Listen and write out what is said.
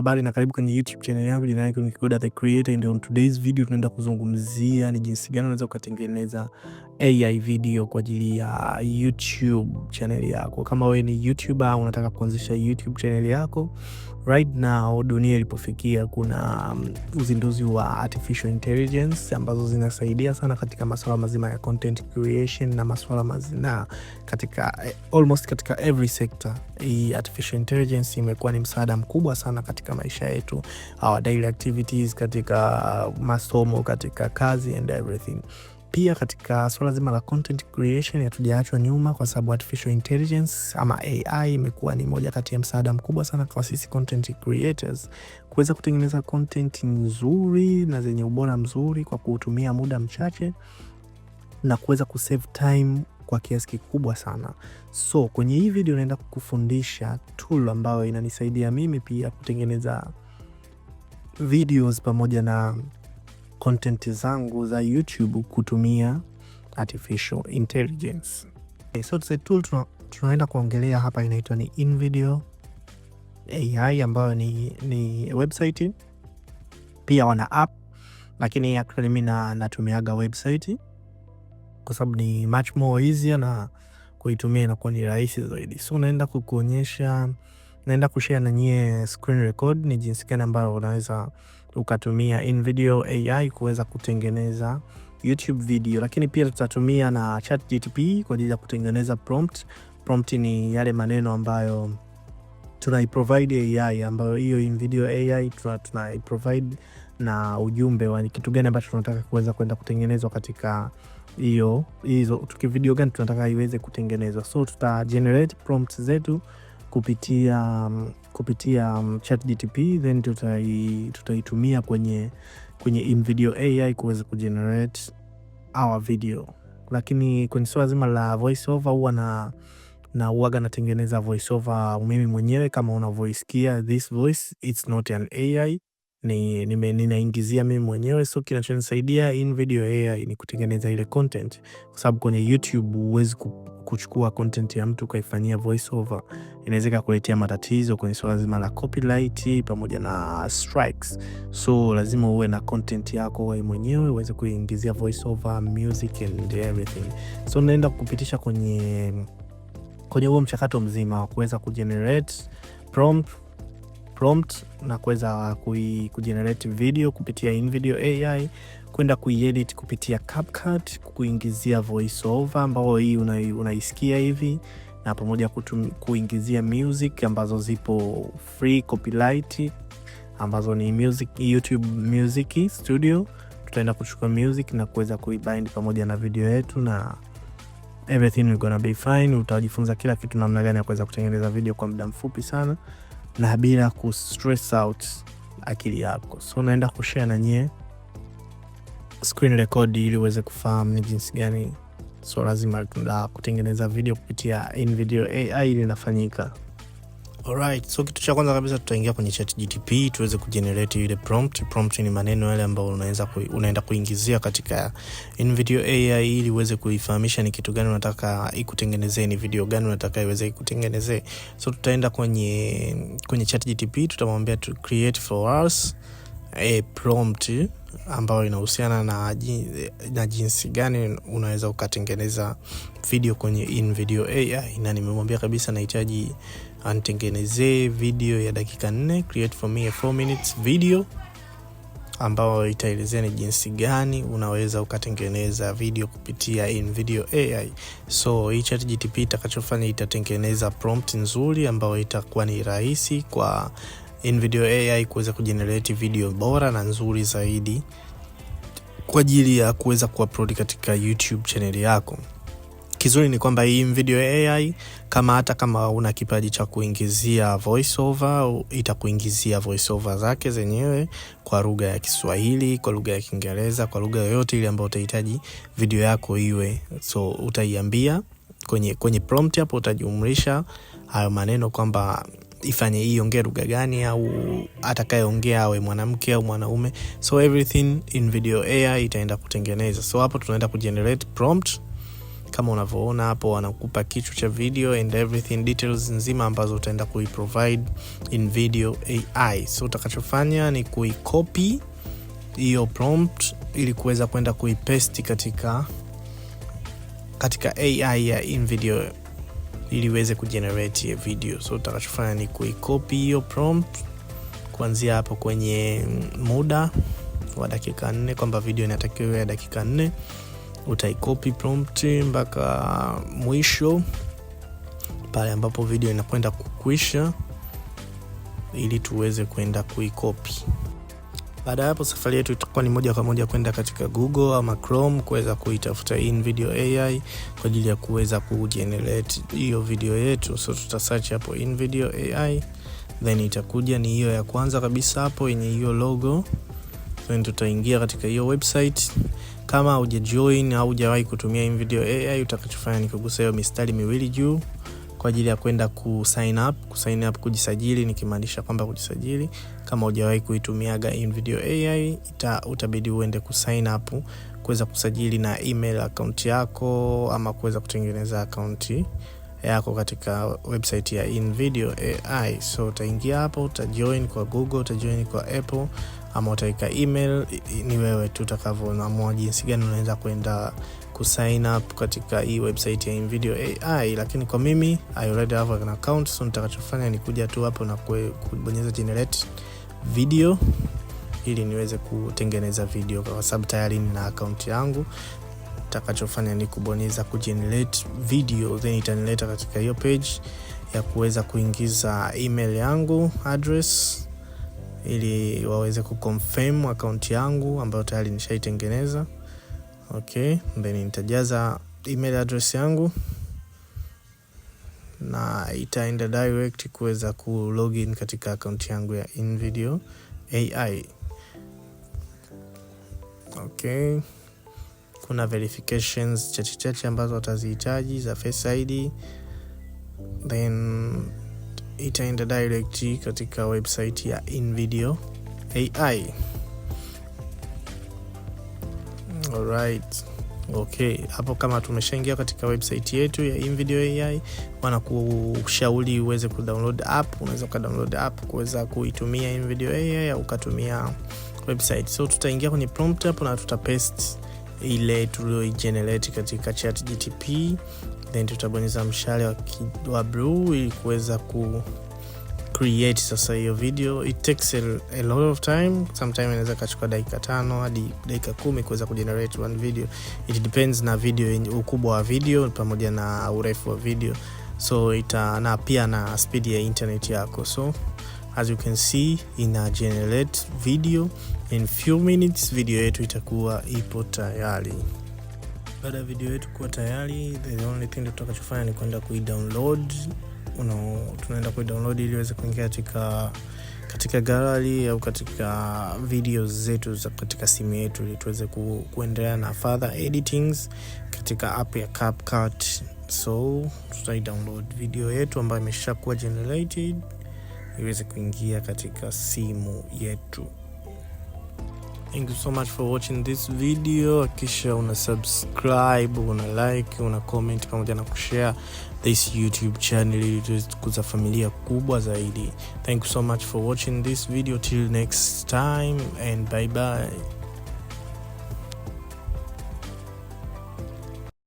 Habari na karibu kwenye YouTube channel yangu. Jina langu ni Kigoda the Creator, and on today's video tunaenda kuzungumzia ni jinsi gani unaweza kutengeneza AI video kwa ajili ya YouTube channel yako. Kama wewe ni YouTuber unataka kuanzisha YouTube channel yako, right now dunia ilipofikia, kuna um, uzinduzi wa artificial intelligence ambazo zinasaidia sana katika masuala mazima ya content creation na masuala mazima katika eh, almost katika every sector. Hii artificial intelligence imekuwa ni msaada mkubwa sana katika maisha yetu, our daily activities, katika uh, masomo, katika kazi and everything. Pia katika suala zima la content creation hatujaachwa nyuma, kwa sababu artificial intelligence ama AI imekuwa ni moja kati ya msaada mkubwa sana kwa sisi content creators kuweza kutengeneza content nzuri na zenye ubora mzuri kwa kutumia muda mchache na kuweza kusave time kwa kiasi kikubwa sana. So kwenye hii video naenda kukufundisha tool ambayo inanisaidia mimi pia kutengeneza videos pamoja na content zangu za YouTube kutumia artificial intelligence. Okay, eh, so the tool tuna, tunaenda kuongelea hapa inaitwa ni InVideo AI ambayo ni, ni website pia wana app, lakini actually mimi natumiaga website kwa sababu ni much more easier na kuitumia inakuwa ni rahisi zaidi. So naenda kukuonyesha, naenda kushare na nyie screen record ni jinsi gani ambayo unaweza ukatumia InVideo AI kuweza kutengeneza YouTube video, lakini pia tutatumia na ChatGPT kwa ajili ya kutengeneza prompt. Prompt ni yale maneno ambayo tunaiprovide AI, ambayo hiyo InVideo AI tunaiprovide na ujumbe wa kitu gani ambacho tunataka kuweza kwenda kutengenezwa katika hiyo hizo video gani tunataka iweze kutengenezwa. So tuta generate prompt zetu kupitia um, kupitia um, ChatGPT then tutaitumia tuta kwenye, kwenye InVideo AI kuweza kugenerate our video, lakini kwenye swala zima la voiceover huwa na na uwaga natengeneza voiceover mimi mwenyewe kama unavyoisikia, this voice it's not an AI ni, ninaingizia mimi mwenyewe. So kinachonisaidia in video AI ni kutengeneza ile content, kwa sababu kwenye YouTube huwezi kuchukua content ya mtu ukaifanyia voiceover, inaweza ikakuletea matatizo kwenye swala zima la copyright pamoja na strikes. So lazima uwe na content yako wewe mwenyewe uweze kuingizia voiceover, music and everything. So naenda kupitisha kwenye kwenye huo mchakato mzima wa kuweza kugenerate prompt prompt na kuweza kujenerate video kupitia InVideo AI kwenda kuiedit kupitia CapCut, kuingizia voice over ambao hii unaisikia una hivi na pamoja kutum, kuingizia music ambazo zipo free copyright ambazo ni music, YouTube Music Studio. Tutaenda kuchukua music na kuweza kuibind pamoja na video yetu na everything will gonna be fine. Utajifunza kila kitu namna gani ya kuweza kutengeneza video kwa muda mfupi sana na bila ku stress out akili yako. So unaenda kushare na nyie screen record ili uweze kufahamu ni jinsi gani swala so zima la kutengeneza video kupitia InVideo AI linafanyika. Alright, so kitu cha kwanza kabisa tutaingia kwenye chat GTP tuweze kujenerate ile prompt. Prompt ni maneno yale ambayo unaweza ku, unaenda kuingizia katika InVideo AI ili uweze kuifahamisha ni kitu gani unataka ikutengenezee, ni video gani unataka iweze ikutengenezee. So tutaenda kwenye kwenye chat GTP tutamwambia to create for us a prompt ambayo inahusiana na, na jinsi gani unaweza ukatengeneza video kwenye InVideo AI, na nimemwambia kabisa nahitaji anitengenezee video ya dakika nne, create for me a 4 minutes video ambao itaelezea ni jinsi gani unaweza ukatengeneza video kupitia video AI. So hii ChatGPT itakachofanya itatengeneza prompt nzuri ambayo itakuwa ni rahisi kwa video AI kuweza kujenerate video bora na nzuri zaidi kwa ajili ya kuweza kuupload katika YouTube channel yako. Kizuri ni kwamba hii video AI kama hata kama una kipaji cha kuingizia voice over, itakuingizia voice over zake zenyewe kwa lugha ya Kiswahili, kwa lugha ya Kiingereza, kwa lugha yoyote ile ambayo utahitaji video yako iwe. So utaiambia kwenye, kwenye prompt hapo utajumlisha hayo maneno kwamba ifanye hii, ongee lugha gani, au atakayeongea awe mwanamke au mwanaume. So everything in video AI itaenda kutengeneza. So hapo tunaenda kugenerate prompt kama unavyoona hapo, wanakupa kichwa cha video and everything details nzima ambazo utaenda kuiprovide in video AI. So utakachofanya ni kuikopi hiyo prompt ili kuweza kwenda kuipaste katika katika AI ya video ili iweze kujenerate video. So utakachofanya ni kuicopy hiyo prompt kuanzia hapo kwenye muda wa dakika nne, kwamba video inatakiwa ya dakika nne utaikopi prompt mpaka mwisho pale ambapo video inakwenda kukwisha ili tuweze kwenda kuikopi. Baada ya hapo, safari yetu itakuwa ni moja kwa moja kwenda katika Google ama Chrome kuweza kuitafuta in video AI kwa ajili ya kuweza kujenerate hiyo video yetu. So tuta search hapo video AI, then itakuja ni hiyo ya kwanza kabisa hapo yenye hiyo logo, then tutaingia katika hiyo website kama hujajoin au hujawahi kutumia video AI, utakachofanya ni kugusa hiyo mistari miwili juu kwa ajili ya kwenda ku sign up, ku sign up kujisajili, nikimaanisha kwamba kujisajili. Kama hujawahi kuitumiaga video AI ita, utabidi uende ku sign up kuweza kusajili na email account yako ama kuweza kutengeneza account yako katika website ya video AI. So utaingia hapo, utajoin kwa Google, utajoin kwa Apple ama utaweka email, ni wewe tu utakavyoamua jinsi gani unaweza kwenda kusign up katika hii website ya InVideo AI, lakini kwa mimi I already have an account, so nitakachofanya ni kuja tu hapo na kubonyeza generate video ili niweze kutengeneza video kwa sababu tayari nina account yangu. Nitakachofanya ni kubonyeza ku generate video, then itanileta katika hiyo page ya kuweza kuingiza email yangu address ili waweze kuconfirm account yangu ambayo tayari nishaitengeneza. Okay, then nitajaza email address yangu na itaenda direct kuweza ku login katika account yangu ya InVideo AI. Okay, kuna verifications chache chache ambazo watazihitaji za Face ID then itaenda direct katika website ya InVideo AI. Alright. Okay, hapo kama tumeshaingia katika website yetu ya InVideo AI, wanakushauri uweze kudownload app. Unaweza ukadownload app kuweza kuitumia InVideo AI au ukatumia website. So tutaingia kwenye prompt hapo na tutapaste ile tulioigenerate katika chat GTP, then tutabonyeza mshale wa, wa bluu ili kuweza ku create sasa hiyo video. It takes a, a lot of time, sometime inaweza kachukua dakika tano hadi dakika kumi kuweza kugenerate one video. It depends na video, ukubwa wa video pamoja na urefu wa video, so ita na pia na speed ya internet yako. So as you can see ina generate video in few minutes video yetu itakuwa ipo tayari. Baada ya video yetu kuwa tayari, the only thing tutakachofanya ni kwenda kuidownload tunaenda kuidownload ili iweze kuingia katika katika gallery au katika video zetu za katika simu yetu, ili tuweze ku, kuendelea na further editings katika app ya CapCut. So tutai download video yetu ambayo imeshakuwa generated iweze kuingia katika simu yetu. Thank you so much for watching this video. akisha una subscribe, una like, una comment pamoja na kushare this YouTube channel ili familia kubwa zaidi. Thank you so much for watching this video till next time and bye bye.